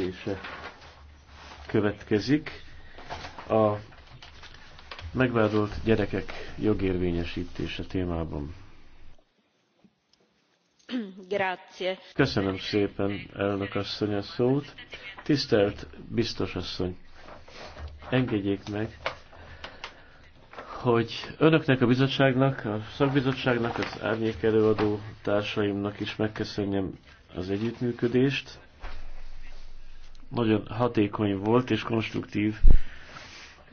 jelentése következik. A megvádolt gyerekek jogérvényesítése témában. Grazie. Köszönöm szépen, elnök asszony a szót. Tisztelt biztos asszony, engedjék meg, hogy önöknek a bizottságnak, a szakbizottságnak, az árnyék előadó társaimnak is megköszönjem az együttműködést. Nagyon hatékony volt és konstruktív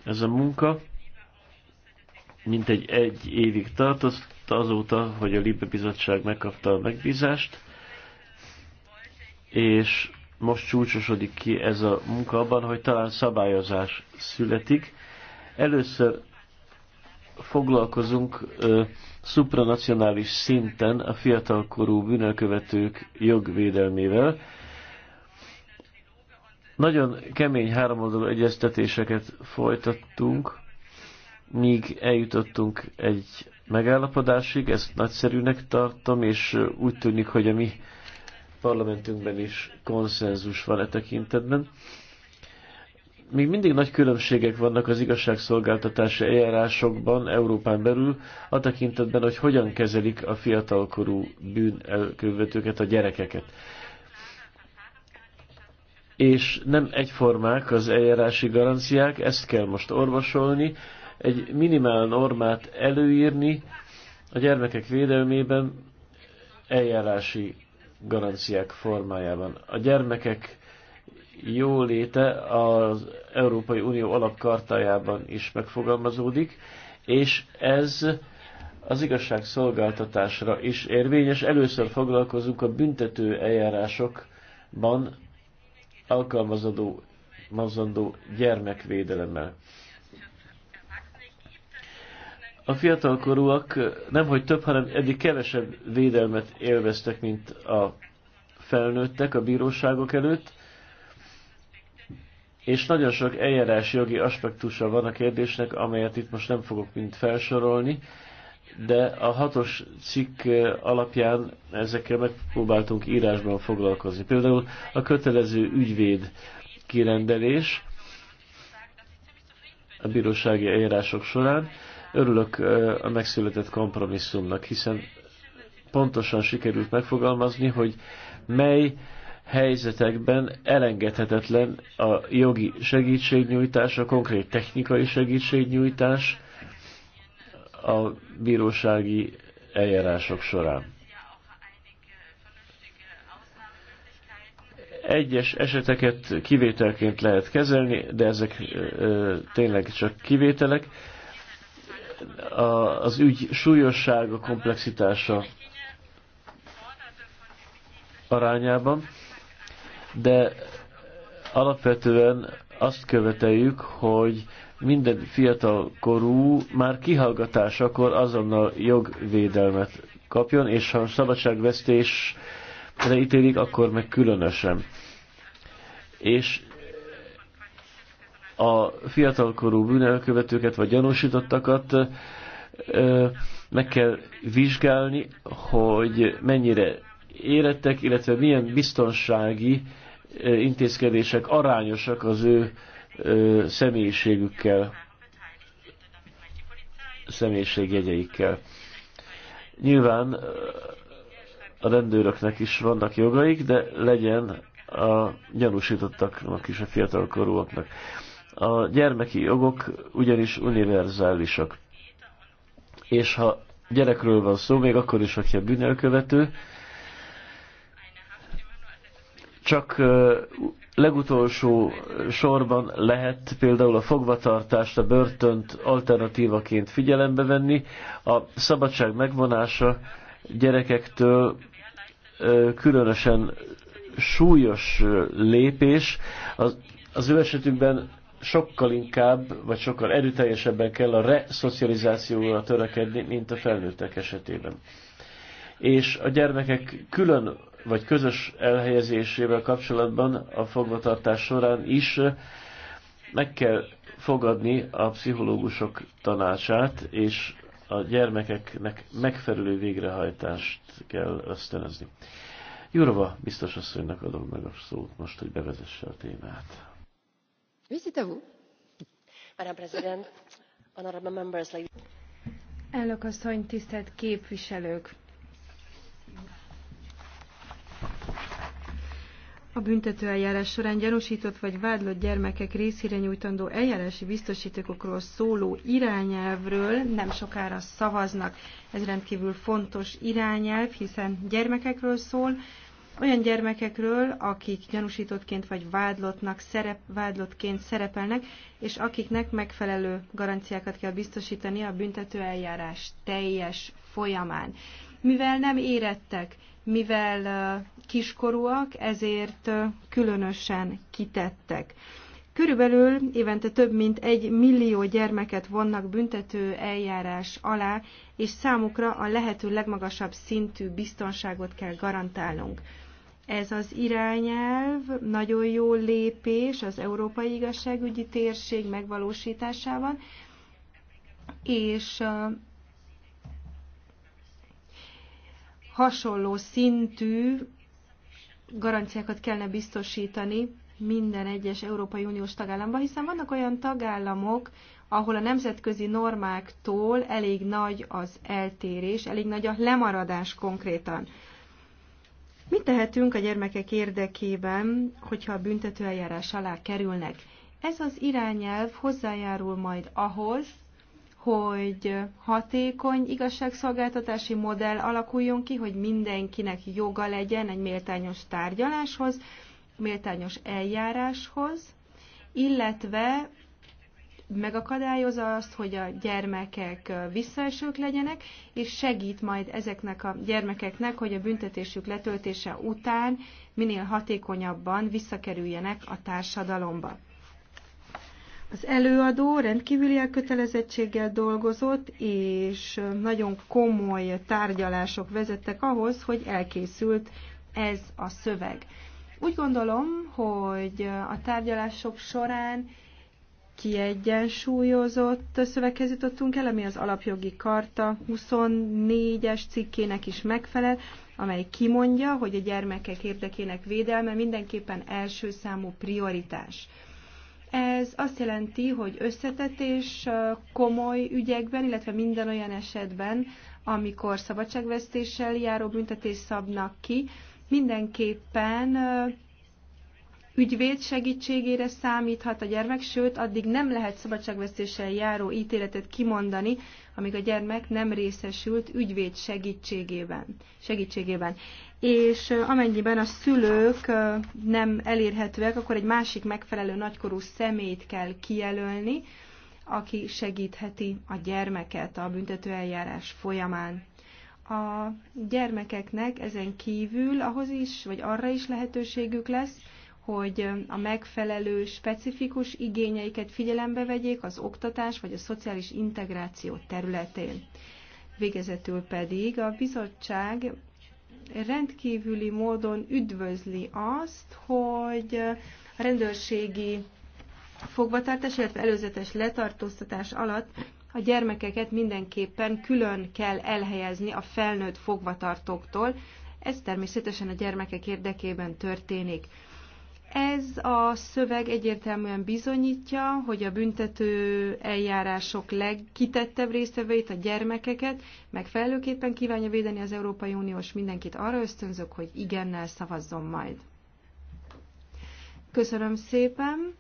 ez a munka. Mint egy, egy évig tartott azóta, hogy a Libe Bizottság megkapta a megbízást, és most csúcsosodik ki ez a munka abban, hogy talán szabályozás születik. Először foglalkozunk ö, szupranacionális szinten a fiatalkorú bűnelkövetők jogvédelmével, nagyon kemény háromoldalú egyeztetéseket folytattunk, míg eljutottunk egy megállapodásig, ezt nagyszerűnek tartom, és úgy tűnik, hogy a mi parlamentünkben is konszenzus van e tekintetben. Még mindig nagy különbségek vannak az igazságszolgáltatási eljárásokban Európán belül, a tekintetben, hogy hogyan kezelik a fiatalkorú bűnelkövetőket, a gyerekeket és nem egyformák az eljárási garanciák, ezt kell most orvosolni, egy minimál normát előírni a gyermekek védelmében eljárási garanciák formájában. A gyermekek jóléte az Európai Unió alapkartájában is megfogalmazódik, és ez az igazságszolgáltatásra is érvényes. Először foglalkozunk a büntető eljárásokban alkalmazandó mazandó gyermekvédelemmel. A fiatalkorúak nemhogy több, hanem eddig kevesebb védelmet élveztek, mint a felnőttek a bíróságok előtt, és nagyon sok eljárás jogi aspektusa van a kérdésnek, amelyet itt most nem fogok mind felsorolni, de a hatos cikk alapján ezekkel megpróbáltunk írásban foglalkozni. Például a kötelező ügyvéd kirendelés a bírósági eljárások során. Örülök a megszületett kompromisszumnak, hiszen pontosan sikerült megfogalmazni, hogy mely helyzetekben elengedhetetlen a jogi segítségnyújtás, a konkrét technikai segítségnyújtás, a bírósági eljárások során. Egyes eseteket kivételként lehet kezelni, de ezek ö, tényleg csak kivételek. A, az ügy súlyossága, komplexitása arányában, de alapvetően azt követeljük, hogy minden fiatal korú már kihallgatásakor azonnal jogvédelmet kapjon, és ha szabadságvesztésre ítélik, akkor meg különösen. És a fiatalkorú bűnelkövetőket vagy gyanúsítottakat meg kell vizsgálni, hogy mennyire érettek, illetve milyen biztonsági intézkedések arányosak az ő ö, személyiségükkel, személyiségjegyeikkel. Nyilván a rendőröknek is vannak jogaik, de legyen a gyanúsítottaknak is, a fiatalkorúaknak. A gyermeki jogok ugyanis univerzálisak. És ha gyerekről van szó, még akkor is, hogyha bűnelkövető, csak legutolsó sorban lehet például a fogvatartást, a börtönt alternatívaként figyelembe venni. A szabadság megvonása gyerekektől különösen súlyos lépés. Az, az ő esetükben sokkal inkább, vagy sokkal erőteljesebben kell a reszocializációra törekedni, mint a felnőttek esetében. És a gyermekek külön vagy közös elhelyezésével kapcsolatban a fogvatartás során is eh, meg kell fogadni a pszichológusok tanácsát, és a gyermekeknek megfelelő végrehajtást kell ösztönözni. Jurva, biztos asszonynak adom meg a szót most, hogy bevezesse a témát. Elnök asszony, tisztelt képviselők! A büntetőeljárás során gyanúsított vagy vádlott gyermekek részére nyújtandó eljárási biztosítékokról szóló irányelvről nem sokára szavaznak. Ez rendkívül fontos irányelv, hiszen gyermekekről szól, olyan gyermekekről, akik gyanúsítottként vagy vádlottnak, szerep, vádlottként szerepelnek, és akiknek megfelelő garanciákat kell biztosítani a büntetőeljárás teljes folyamán. Mivel nem érettek, mivel kiskorúak, ezért különösen kitettek. Körülbelül évente több mint egy millió gyermeket vonnak büntető eljárás alá, és számukra a lehető legmagasabb szintű biztonságot kell garantálnunk. Ez az irányelv nagyon jó lépés az Európai Igazságügyi Térség megvalósításában, és hasonló szintű garanciákat kellene biztosítani minden egyes Európai Uniós tagállamban, hiszen vannak olyan tagállamok, ahol a nemzetközi normáktól elég nagy az eltérés, elég nagy a lemaradás konkrétan. Mit tehetünk a gyermekek érdekében, hogyha a büntetőeljárás alá kerülnek? Ez az irányelv hozzájárul majd ahhoz, hogy hatékony igazságszolgáltatási modell alakuljon ki, hogy mindenkinek joga legyen egy méltányos tárgyaláshoz, méltányos eljáráshoz, illetve megakadályozza azt, hogy a gyermekek visszaesők legyenek, és segít majd ezeknek a gyermekeknek, hogy a büntetésük letöltése után minél hatékonyabban visszakerüljenek a társadalomba. Az előadó rendkívüli elkötelezettséggel dolgozott, és nagyon komoly tárgyalások vezettek ahhoz, hogy elkészült ez a szöveg. Úgy gondolom, hogy a tárgyalások során kiegyensúlyozott szöveghez jutottunk el, ami az alapjogi karta 24-es cikkének is megfelel, amely kimondja, hogy a gyermekek érdekének védelme mindenképpen első számú prioritás. Ez azt jelenti, hogy összetett és komoly ügyekben, illetve minden olyan esetben, amikor szabadságvesztéssel járó büntetés szabnak ki, mindenképpen ügyvéd segítségére számíthat a gyermek, sőt, addig nem lehet szabadságvesztéssel járó ítéletet kimondani, amíg a gyermek nem részesült ügyvéd segítségében. segítségében. És amennyiben a szülők nem elérhetőek, akkor egy másik megfelelő nagykorú személyt kell kijelölni, aki segítheti a gyermeket a büntetőeljárás folyamán a gyermekeknek ezen kívül ahhoz is, vagy arra is lehetőségük lesz, hogy a megfelelő specifikus igényeiket figyelembe vegyék az oktatás vagy a szociális integráció területén. Végezetül pedig a bizottság rendkívüli módon üdvözli azt, hogy a rendőrségi fogvatartás, illetve előzetes letartóztatás alatt a gyermekeket mindenképpen külön kell elhelyezni a felnőtt fogvatartóktól. Ez természetesen a gyermekek érdekében történik. Ez a szöveg egyértelműen bizonyítja, hogy a büntető eljárások legkitettebb résztvevőit, a gyermekeket megfelelőképpen kívánja védeni az Európai Uniós mindenkit. Arra ösztönzök, hogy igennel szavazzon majd. Köszönöm szépen.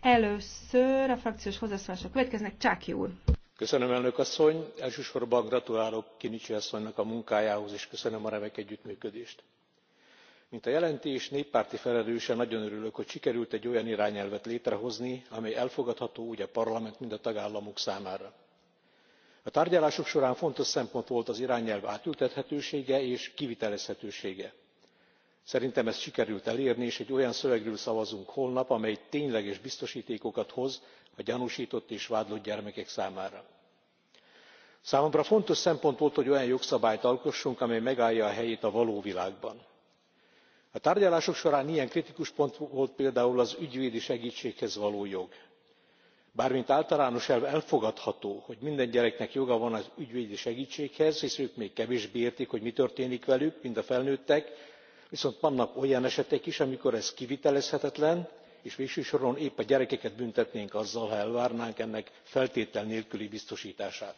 Először a frakciós hozzászólások következnek. Csáki úr. Köszönöm, elnök asszony. Elsősorban gratulálok Kinicsi asszonynak a munkájához, és köszönöm a remek együttműködést mint a jelentés néppárti felelőse nagyon örülök hogy sikerült egy olyan irányelvet létrehozni amely elfogadható úgy a parlament mint a tagállamok számára. a tárgyalások során fontos szempont volt az irányelv átültethetősége és kivitelezhetősége. szerintem ezt sikerült elérni és egy olyan szövegről szavazunk holnap amely tényleges biztostékokat hoz a gyanústott és vádlott gyermekek számára. számomra fontos szempont volt hogy olyan jogszabályt alkossunk amely megállja a helyét a való világban a tárgyalások során ilyen kritikus pont volt például az ügyvédi segtséghez való jog. bár mint általános elv elfogadható hogy minden gyereknek joga van az ügyvédi segtséghez hisz ők még kevésbé értik hogy mi történik velük mint a felnőttek viszont vannak olyan esetek is amikor ez kivitelezhetetlen és végső soron épp a gyerekeket büntetnénk azzal ha elvárnánk ennek feltétel nélküli biztostását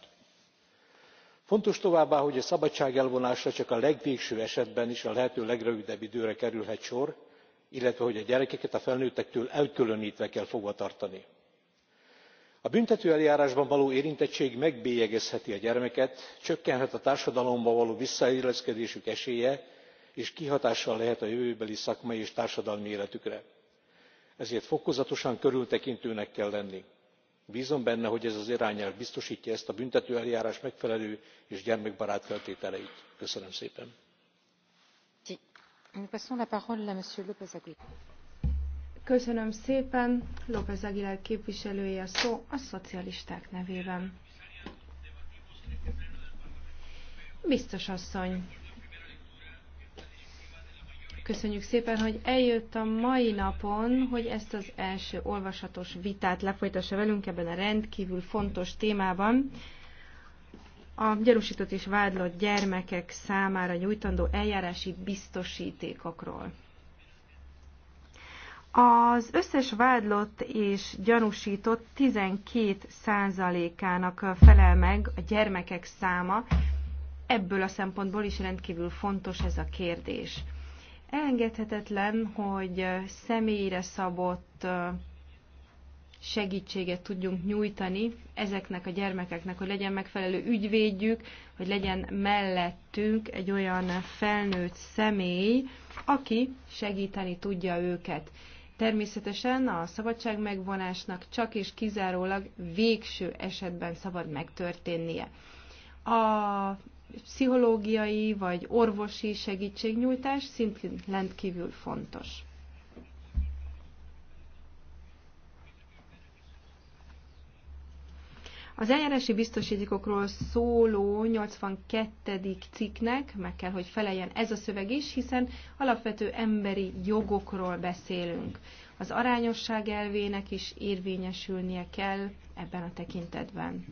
fontos továbbá hogy a szabadság elvonásra csak a legvégső esetben és a lehető legrövidebb időre kerülhet sor illetve hogy a gyerekeket a felnőttektől elkülöntve kell fogvatartani. a büntetőeljárásban való érintettség megbélyegezheti a gyermeket csökkenhet a társadalomba való visszailleszkedésük esélye és kihatással lehet a jövőbeli szakmai és társadalmi életükre. ezért fokozatosan körültekintőnek kell lenni bzom benne hogy ez az irányelv biztostja ezt a büntetőeljárás megfelelő és gyermekbarát feltételeit. köszönöm szépen! Köszönöm szépen. López Aguilar képviselője a szó a szocialisták nevében. Biztos asszony, köszönjük szépen, hogy eljött a mai napon, hogy ezt az első olvasatos vitát lefolytassa velünk ebben a rendkívül fontos témában. A gyanúsított és vádlott gyermekek számára nyújtandó eljárási biztosítékokról. Az összes vádlott és gyanúsított 12%-ának felel meg a gyermekek száma, ebből a szempontból is rendkívül fontos ez a kérdés. Elengedhetetlen, hogy személyre szabott segítséget tudjunk nyújtani ezeknek a gyermekeknek, hogy legyen megfelelő ügyvédjük, hogy legyen mellettünk egy olyan felnőtt személy, aki segíteni tudja őket. Természetesen a szabadság megvonásnak csak és kizárólag végső esetben szabad megtörténnie. A pszichológiai vagy orvosi segítségnyújtás szintén rendkívül fontos. Az eljárási biztosítékokról szóló 82. cikknek meg kell, hogy feleljen ez a szöveg is, hiszen alapvető emberi jogokról beszélünk. Az arányosság elvének is érvényesülnie kell ebben a tekintetben.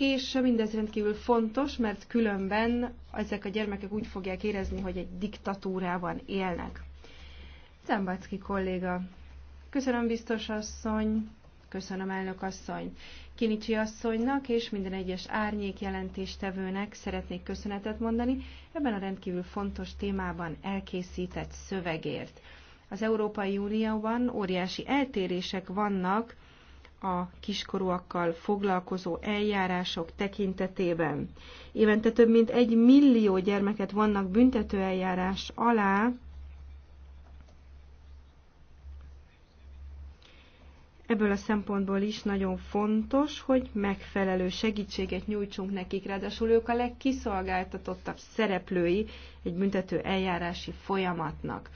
és mindez rendkívül fontos, mert különben ezek a gyermekek úgy fogják érezni, hogy egy diktatúrában élnek. Zembacki kolléga. Köszönöm biztos asszony, köszönöm elnök asszony, Kinicsi asszonynak és minden egyes árnyék jelentéstevőnek szeretnék köszönetet mondani ebben a rendkívül fontos témában elkészített szövegért. Az Európai Unióban óriási eltérések vannak, a kiskorúakkal foglalkozó eljárások tekintetében. Évente több mint egy millió gyermeket vannak büntető eljárás alá, Ebből a szempontból is nagyon fontos, hogy megfelelő segítséget nyújtsunk nekik, ráadásul ők a legkiszolgáltatottabb szereplői egy büntető eljárási folyamatnak.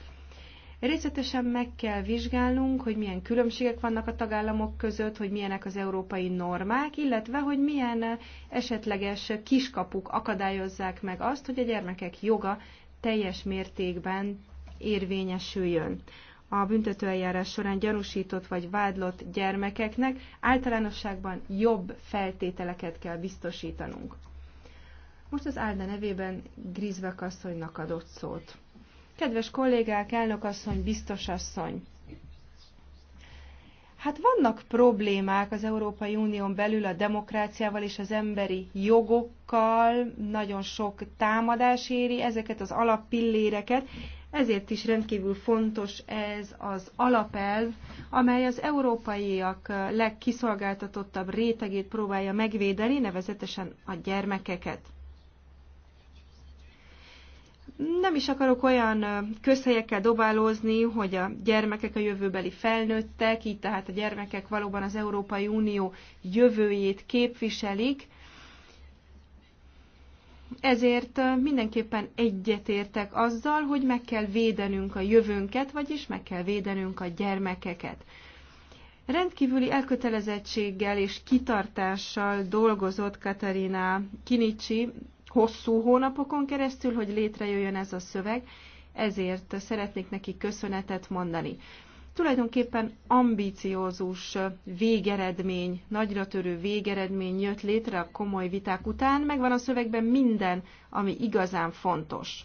Részletesen meg kell vizsgálnunk, hogy milyen különbségek vannak a tagállamok között, hogy milyenek az európai normák, illetve hogy milyen esetleges kiskapuk akadályozzák meg azt, hogy a gyermekek joga teljes mértékben érvényesüljön. A büntetőeljárás során gyanúsított vagy vádlott gyermekeknek általánosságban jobb feltételeket kell biztosítanunk. Most az Álda nevében Grizbek asszonynak adott szót. Kedves kollégák, elnökasszony, biztosasszony! Hát vannak problémák az Európai Unión belül a demokráciával és az emberi jogokkal, nagyon sok támadás éri ezeket az alappilléreket, ezért is rendkívül fontos ez az alapelv, amely az európaiak legkiszolgáltatottabb rétegét próbálja megvédeni, nevezetesen a gyermekeket nem is akarok olyan közhelyekkel dobálózni, hogy a gyermekek a jövőbeli felnőttek, így tehát a gyermekek valóban az Európai Unió jövőjét képviselik. Ezért mindenképpen egyetértek azzal, hogy meg kell védenünk a jövőnket, vagyis meg kell védenünk a gyermekeket. Rendkívüli elkötelezettséggel és kitartással dolgozott Katarina Kinicsi hosszú hónapokon keresztül, hogy létrejöjjön ez a szöveg, ezért szeretnék neki köszönetet mondani. Tulajdonképpen ambíciózus végeredmény, nagyra törő végeredmény jött létre a komoly viták után, megvan a szövegben minden, ami igazán fontos.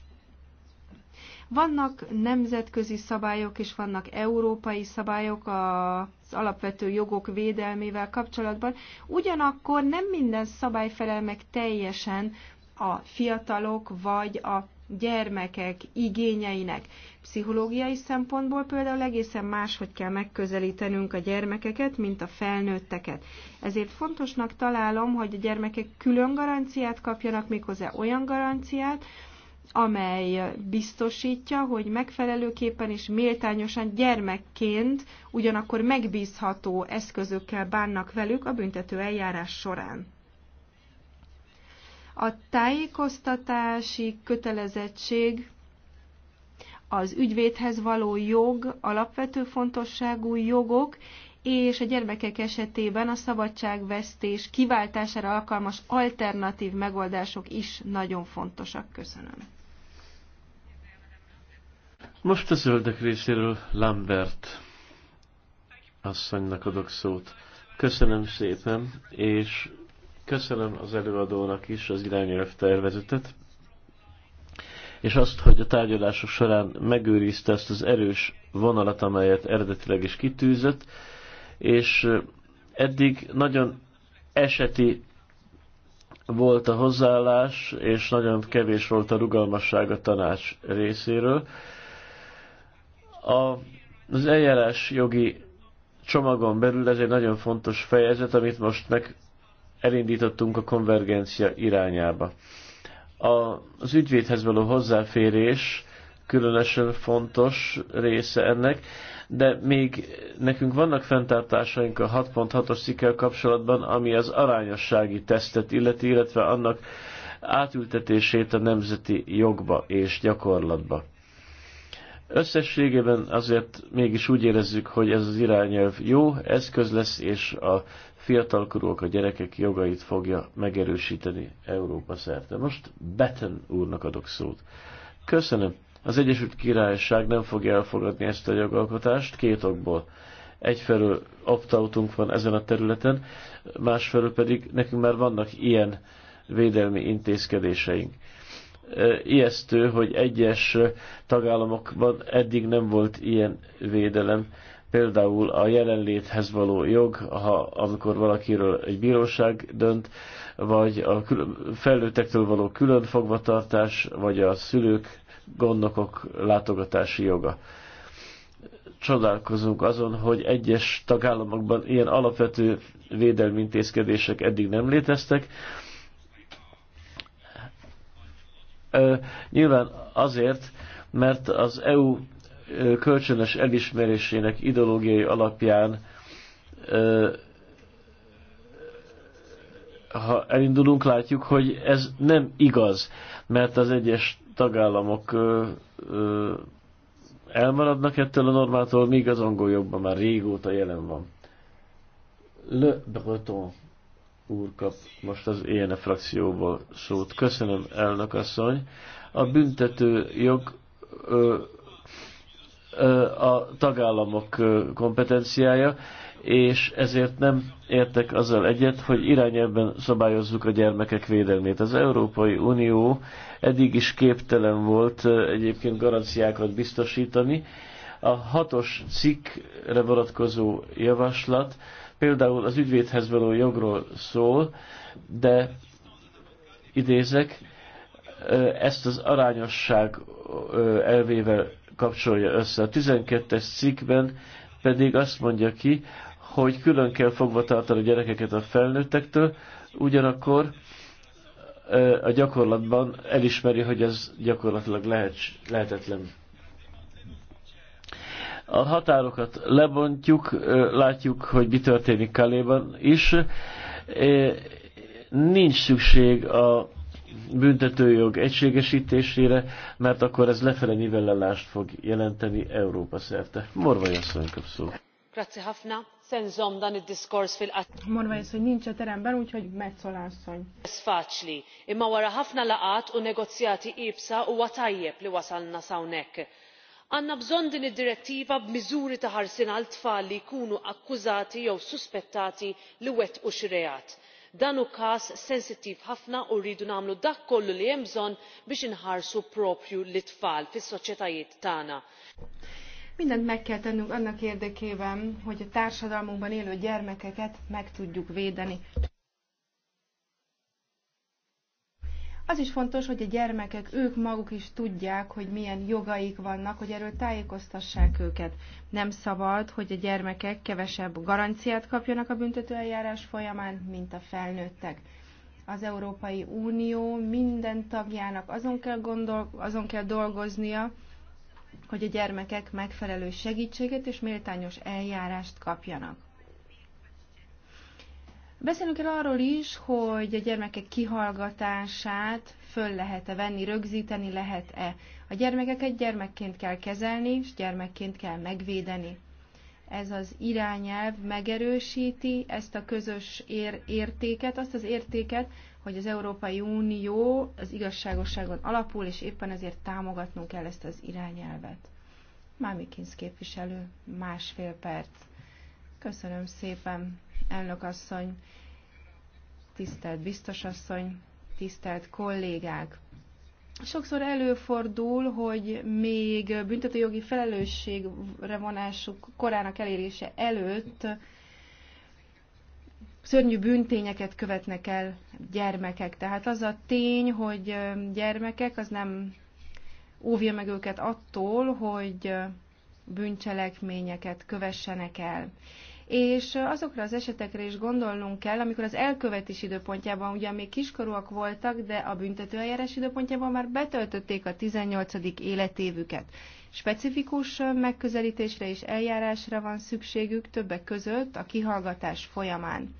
Vannak nemzetközi szabályok és vannak európai szabályok az alapvető jogok védelmével kapcsolatban, ugyanakkor nem minden szabály felel meg teljesen a fiatalok vagy a gyermekek igényeinek. Pszichológiai szempontból például egészen máshogy kell megközelítenünk a gyermekeket, mint a felnőtteket. Ezért fontosnak találom, hogy a gyermekek külön garanciát kapjanak, méghozzá olyan garanciát, amely biztosítja, hogy megfelelőképpen és méltányosan gyermekként ugyanakkor megbízható eszközökkel bánnak velük a büntető eljárás során. A tájékoztatási kötelezettség az ügyvédhez való jog, alapvető fontosságú jogok, és a gyermekek esetében a szabadságvesztés kiváltására alkalmas alternatív megoldások is nagyon fontosak. Köszönöm. Most a zöldek részéről Lambert asszonynak adok szót. Köszönöm szépen, és Köszönöm az előadónak is az irányelv tervezetet, és azt, hogy a tárgyalások során megőrizte ezt az erős vonalat, amelyet eredetileg is kitűzött, és eddig nagyon eseti volt a hozzáállás, és nagyon kevés volt a rugalmasság a tanács részéről. A, az eljárás jogi csomagon belül ez egy nagyon fontos fejezet, amit most meg elindítottunk a konvergencia irányába. A, az ügyvédhez való hozzáférés különösen fontos része ennek, de még nekünk vannak fenntartásaink a 6.6-os cikkel kapcsolatban, ami az arányossági tesztet illeti, illetve annak átültetését a nemzeti jogba és gyakorlatba. Összességében azért mégis úgy érezzük, hogy ez az irányelv jó eszköz lesz, és a fiatalkorúak, a gyerekek jogait fogja megerősíteni Európa szerte. Most Betten úrnak adok szót. Köszönöm. Az Egyesült Királyság nem fogja elfogadni ezt a jogalkotást két okból. Egyfelől opt van ezen a területen, másfelől pedig nekünk már vannak ilyen védelmi intézkedéseink. Ijesztő, hogy egyes tagállamokban eddig nem volt ilyen védelem például a jelenléthez való jog, ha amikor valakiről egy bíróság dönt, vagy a felnőttektől való külön fogvatartás, vagy a szülők, gondnokok látogatási joga. Csodálkozunk azon, hogy egyes tagállamokban ilyen alapvető védelmi intézkedések eddig nem léteztek. Ö, nyilván azért, mert az EU kölcsönös elismerésének ideológiai alapján ha elindulunk, látjuk, hogy ez nem igaz, mert az egyes tagállamok elmaradnak ettől a normától, míg az angol jobban már régóta jelen van. Le Breton úr kap most az ENE e frakcióból szót. Köszönöm, elnök asszony. A büntető jog ö, a tagállamok kompetenciája, és ezért nem értek azzal egyet, hogy irányelben szabályozzuk a gyermekek védelmét. Az Európai Unió eddig is képtelen volt egyébként garanciákat biztosítani. A hatos cikkre vonatkozó javaslat például az ügyvédhez való jogról szól, de idézek, ezt az arányosság elvével kapcsolja össze. A 12-es cikkben pedig azt mondja ki, hogy külön kell fogva tartani a gyerekeket a felnőttektől, ugyanakkor a gyakorlatban elismeri, hogy ez gyakorlatilag lehet, lehetetlen. A határokat lebontjuk, látjuk, hogy mi történik Kaléban is. Nincs szükség a büntetőjog egységesítésére, mert akkor ez lefele nivellelást fog jelenteni Európa szerte. Morvai asszony kap szó. Morvai asszony nincs a teremben, úgyhogy Metzola asszony. Ez faċli, imma wara ħafna laqat u negozjati ibsa u għatajjeb li wasalna sawnek. Għanna bżon din id-direttiva b'miżuri ta' ħarsin għal tfal li jkunu akkużati jew suspettati li wettqu u xirejat dan hu każ sensittiv ħafna u rridu nagħmlu dak kollu li hemm bżonn biex inħarsu proprju lit tfal fis-soċjetajiet tagħna. Mindent meg kell tennünk annak érdekében, hogy a társadalmunkban élő gyermekeket meg tudjuk védeni. Az is fontos, hogy a gyermekek ők maguk is tudják, hogy milyen jogaik vannak, hogy erről tájékoztassák őket. Nem szabad, hogy a gyermekek kevesebb garanciát kapjanak a büntetőeljárás folyamán, mint a felnőttek. Az Európai Unió minden tagjának azon kell, gondol, azon kell dolgoznia, hogy a gyermekek megfelelő segítséget és méltányos eljárást kapjanak. Beszélünk el arról is, hogy a gyermekek kihallgatását föl lehet-e venni, rögzíteni lehet-e. A gyermekeket gyermekként kell kezelni, és gyermekként kell megvédeni. Ez az irányelv megerősíti ezt a közös ér- értéket, azt az értéket, hogy az Európai Unió az igazságosságon alapul, és éppen ezért támogatnunk kell ezt az irányelvet. Mámikinsz képviselő, másfél perc. Köszönöm szépen elnökasszony, tisztelt biztosasszony, tisztelt kollégák! Sokszor előfordul, hogy még büntetőjogi felelősségre vonásuk korának elérése előtt szörnyű bűntényeket követnek el gyermekek. Tehát az a tény, hogy gyermekek, az nem óvja meg őket attól, hogy bűncselekményeket kövessenek el és azokra az esetekre is gondolnunk kell, amikor az elkövetés időpontjában ugyan még kiskorúak voltak, de a büntetőeljárás időpontjában már betöltötték a 18. életévüket. Specifikus megközelítésre és eljárásra van szükségük többek között a kihallgatás folyamán.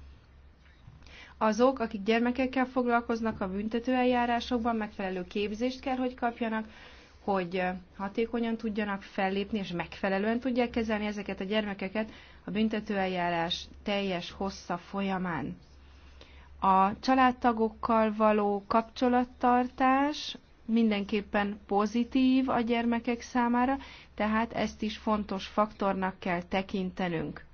Azok, akik gyermekekkel foglalkoznak a büntetőeljárásokban, megfelelő képzést kell, hogy kapjanak, hogy hatékonyan tudjanak fellépni, és megfelelően tudják kezelni ezeket a gyermekeket, a büntetőeljárás teljes hossza folyamán. A családtagokkal való kapcsolattartás mindenképpen pozitív a gyermekek számára, tehát ezt is fontos faktornak kell tekintenünk.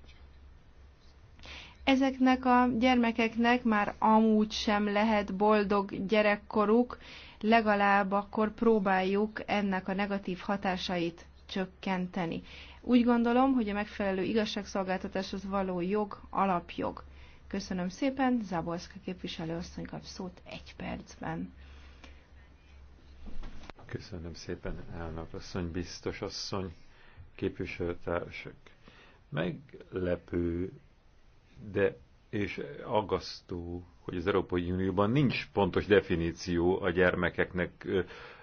Ezeknek a gyermekeknek már amúgy sem lehet boldog gyerekkoruk, legalább akkor próbáljuk ennek a negatív hatásait csökkenteni. Úgy gondolom, hogy a megfelelő igazságszolgáltatás az való jog, alapjog. Köszönöm szépen, képviselő asszony kap szót egy percben. Köszönöm szépen, elnök asszony, biztos asszony, képviselőtársak. Meglepő, de és aggasztó, hogy az Európai Unióban nincs pontos definíció a gyermekeknek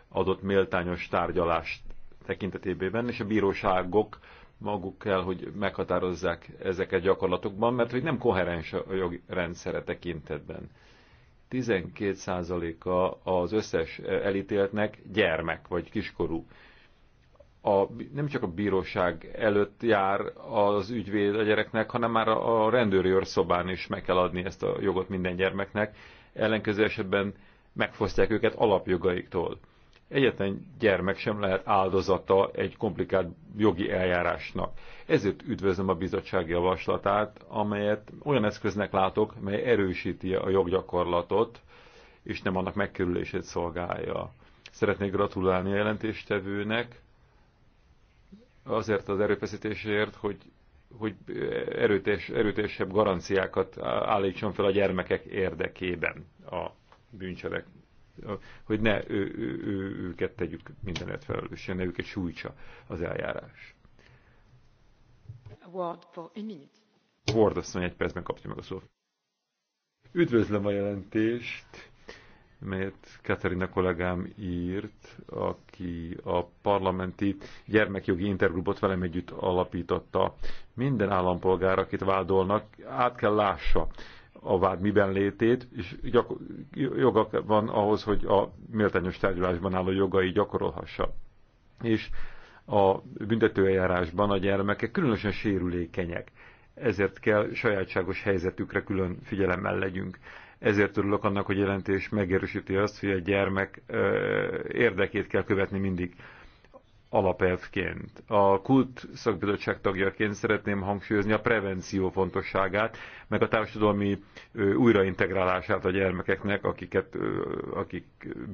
adott méltányos tárgyalást tekintetében, és a bíróságok maguk kell, hogy meghatározzák ezeket gyakorlatokban, mert hogy nem koherens a rendszere tekintetben. 12%-a az összes elítéltnek gyermek vagy kiskorú. A, nem csak a bíróság előtt jár az ügyvéd a gyereknek, hanem már a rendőri őrszobán is meg kell adni ezt a jogot minden gyermeknek. Ellenkező esetben megfosztják őket alapjogaiktól egyetlen gyermek sem lehet áldozata egy komplikált jogi eljárásnak. Ezért üdvözlöm a bizottság javaslatát, amelyet olyan eszköznek látok, mely erősíti a joggyakorlatot, és nem annak megkerülését szolgálja. Szeretnék gratulálni a jelentéstevőnek azért az erőfeszítésért, hogy, hogy erőtés, erőtésebb garanciákat állítson fel a gyermekek érdekében a bűncselek hogy ne ő, ő, ő, őket tegyük mindenet felelősen, ne őket sújtsa az eljárás. Word for a minute. Word asszony egy percben kapja meg a szót. Üdvözlöm a jelentést, melyet Katerina kollégám írt, aki a parlamenti gyermekjogi intergrupot velem együtt alapította. Minden állampolgár, akit vádolnak, át kell lássa, a vád miben létét, és joga van ahhoz, hogy a méltányos tárgyalásban álló jogai gyakorolhassa. És a büntetőeljárásban a gyermekek különösen sérülékenyek, ezért kell sajátságos helyzetükre külön figyelemmel legyünk. Ezért örülök annak, hogy jelentés megerősíti azt, hogy a gyermek érdekét kell követni mindig alapelvként. A kult szakbizottság tagjaként szeretném hangsúlyozni a prevenció fontosságát, meg a társadalmi újraintegrálását a gyermekeknek, akiket, akik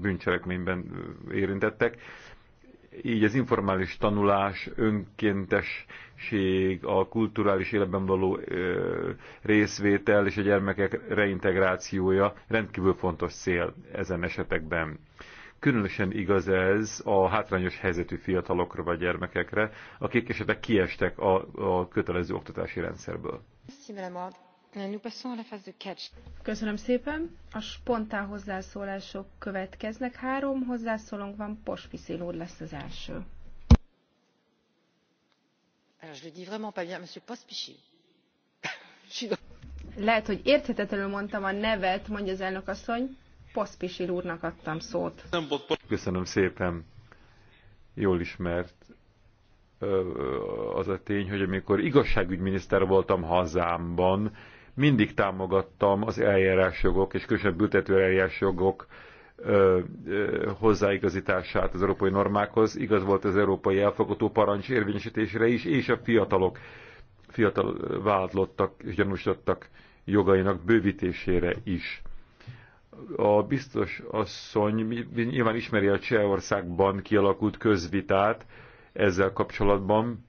bűncselekményben érintettek. Így az informális tanulás, önkéntesség, a kulturális életben való részvétel és a gyermekek reintegrációja rendkívül fontos cél ezen esetekben Különösen igaz ez a hátrányos helyzetű fiatalokra vagy gyermekekre, akik esetleg kiestek a, a kötelező oktatási rendszerből. Köszönöm szépen. A spontán hozzászólások következnek. Három hozzászólónk van, Posviszil úr lesz az első. Lehet, hogy érthetetlenül mondtam a nevet, mondja az elnök asszony. Poszpisil úrnak adtam szót. Köszönöm szépen. Jól ismert az a tény, hogy amikor igazságügyminiszter voltam hazámban, mindig támogattam az eljárásjogok és különösen büntető eljárásjogok hozzáigazítását az európai normákhoz. Igaz volt az európai elfogadó parancs érvényesítésére is, és a fiatalok, fiatal vádlottak és gyanúsítottak jogainak bővítésére is a biztos asszony nyilván ismeri a Csehországban kialakult közvitát ezzel kapcsolatban,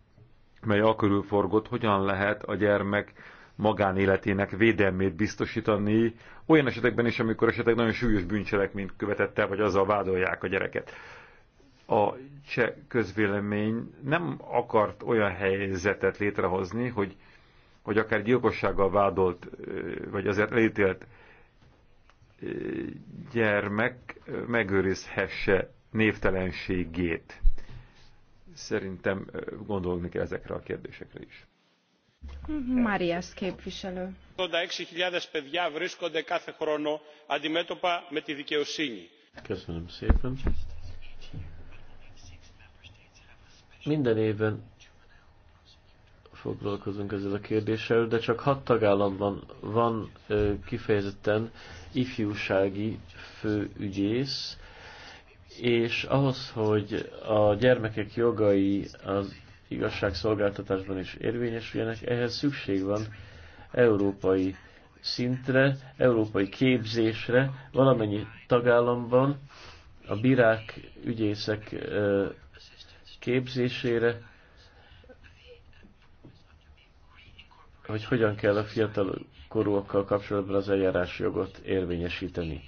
mely akörül forgott, hogyan lehet a gyermek magánéletének védelmét biztosítani, olyan esetekben is, amikor esetleg nagyon súlyos bűncselekményt követette, vagy azzal vádolják a gyereket. A cseh közvélemény nem akart olyan helyzetet létrehozni, hogy, hogy akár gyilkossággal vádolt, vagy azért elítélt gyermek megőrizhesse névtelenségét. Szerintem gondolni kell ezekre a kérdésekre is. Marias képviselő. 86.000 παιδιά βρίσκονται κάθε χρόνο αντιμέτωπα με τη δικαιοσύνη. Köszönöm szépen. Minden évben foglalkozunk ezzel a kérdéssel, de csak hat tagállamban van kifejezetten ifjúsági főügyész, és ahhoz, hogy a gyermekek jogai az igazságszolgáltatásban is érvényesüljenek, ehhez szükség van európai szintre, európai képzésre, valamennyi tagállamban a bírák, ügyészek képzésére, hogy hogyan kell a fiatal korúakkal kapcsolatban az eljárás jogot érvényesíteni.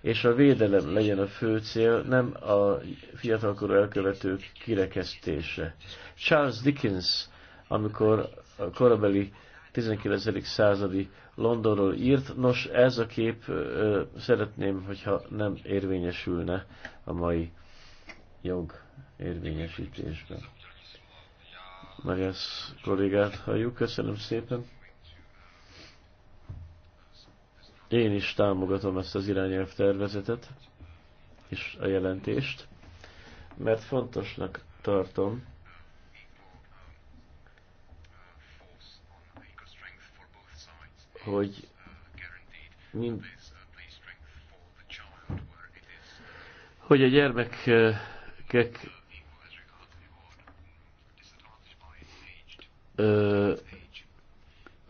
És a védelem legyen a fő cél, nem a fiatalkorú elkövetők kirekesztése. Charles Dickens, amikor a korabeli 19. századi Londonról írt, nos ez a kép ö, szeretném, hogyha nem érvényesülne a mai jog érvényesítésben. Magyász kollégát halljuk. Köszönöm szépen. Én is támogatom ezt az irányelv tervezetet és a jelentést, mert fontosnak tartom, hogy mind, hogy a gyermekek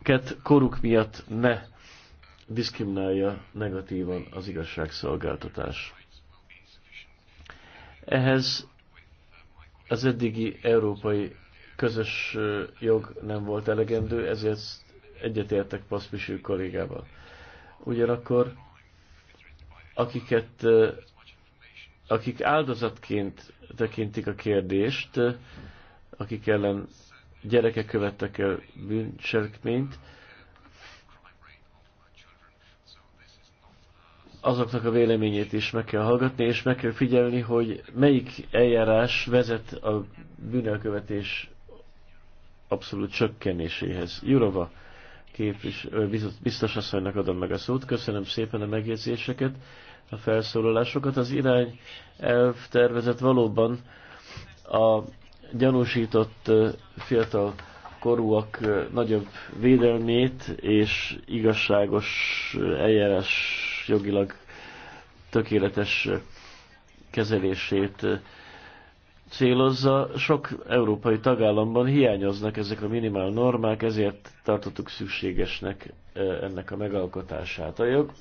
őket koruk miatt ne diszkriminálja negatívan az igazságszolgáltatás. Ehhez az eddigi európai közös jog nem volt elegendő, ezért egyetértek Paszpisű kollégával. Ugyanakkor akiket, akik áldozatként tekintik a kérdést, akik ellen gyerekek követtek el bűncselekményt, azoknak a véleményét is meg kell hallgatni, és meg kell figyelni, hogy melyik eljárás vezet a bűnelkövetés abszolút csökkenéséhez. Jurova biztos asszonynak adom meg a szót. Köszönöm szépen a megjegyzéseket, a felszólalásokat. Az irány elv valóban a gyanúsított fiatal korúak nagyobb védelmét és igazságos eljárás jogilag tökéletes kezelését célozza. Sok európai tagállamban hiányoznak ezek a minimál normák, ezért tartottuk szükségesnek ennek a megalkotását. A jog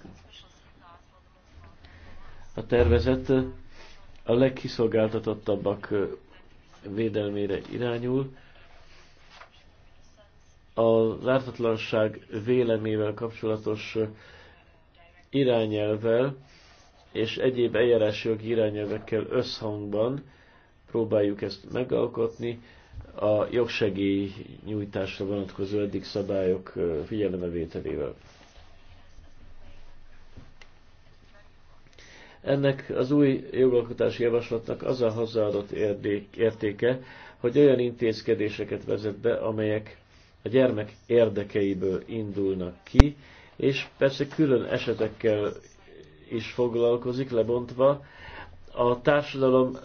a tervezet a legkiszolgáltatottabbak védelmére irányul. Az ártatlanság vélemével kapcsolatos irányelvel és egyéb jogi irányelvekkel összhangban próbáljuk ezt megalkotni, a jogsegély nyújtásra vonatkozó eddig szabályok figyelemevételével. Ennek az új jogalkotási javaslatnak az a hozzáadott értéke, hogy olyan intézkedéseket vezet be, amelyek a gyermek érdekeiből indulnak ki, és persze külön esetekkel is foglalkozik, lebontva. A társadalomnak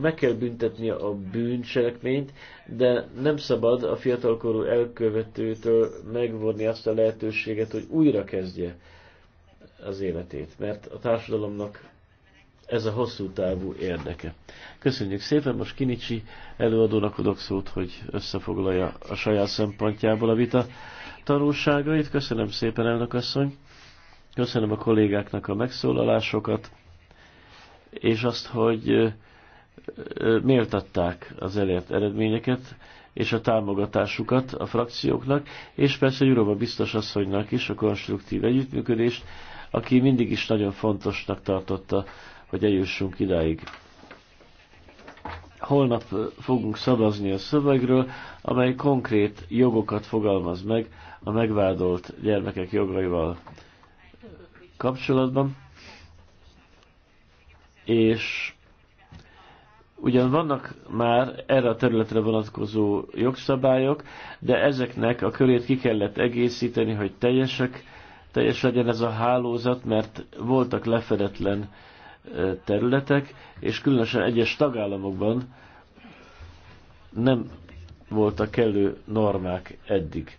meg kell büntetni a bűncselekményt, de nem szabad a fiatalkorú elkövetőtől megvonni azt a lehetőséget, hogy újra kezdje az életét, mert a társadalomnak ez a hosszú távú érdeke. Köszönjük szépen, most Kinicsi előadónak adok szót, hogy összefoglalja a saját szempontjából a vita tanulságait. Köszönöm szépen, elnök asszony. Köszönöm a kollégáknak a megszólalásokat, és azt, hogy méltatták az elért eredményeket, és a támogatásukat a frakcióknak, és persze Jurova biztos asszonynak is a konstruktív együttműködést, aki mindig is nagyon fontosnak tartotta, hogy eljussunk idáig. Holnap fogunk szavazni a szövegről, amely konkrét jogokat fogalmaz meg a megvádolt gyermekek jogaival kapcsolatban. És Ugyan vannak már erre a területre vonatkozó jogszabályok, de ezeknek a körét ki kellett egészíteni, hogy teljesek teljes legyen ez a hálózat, mert voltak lefedetlen területek, és különösen egyes tagállamokban nem voltak kellő normák eddig.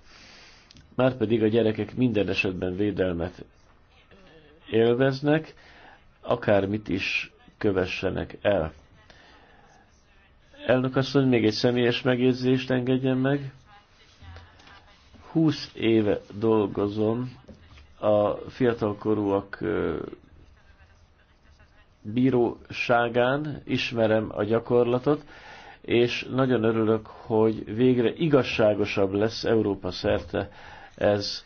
Márpedig a gyerekek minden esetben védelmet élveznek, akármit is kövessenek el. Elnök asszony, még egy személyes megjegyzést engedjen meg. Húsz éve dolgozom a fiatalkorúak bíróságán ismerem a gyakorlatot, és nagyon örülök, hogy végre igazságosabb lesz Európa szerte ez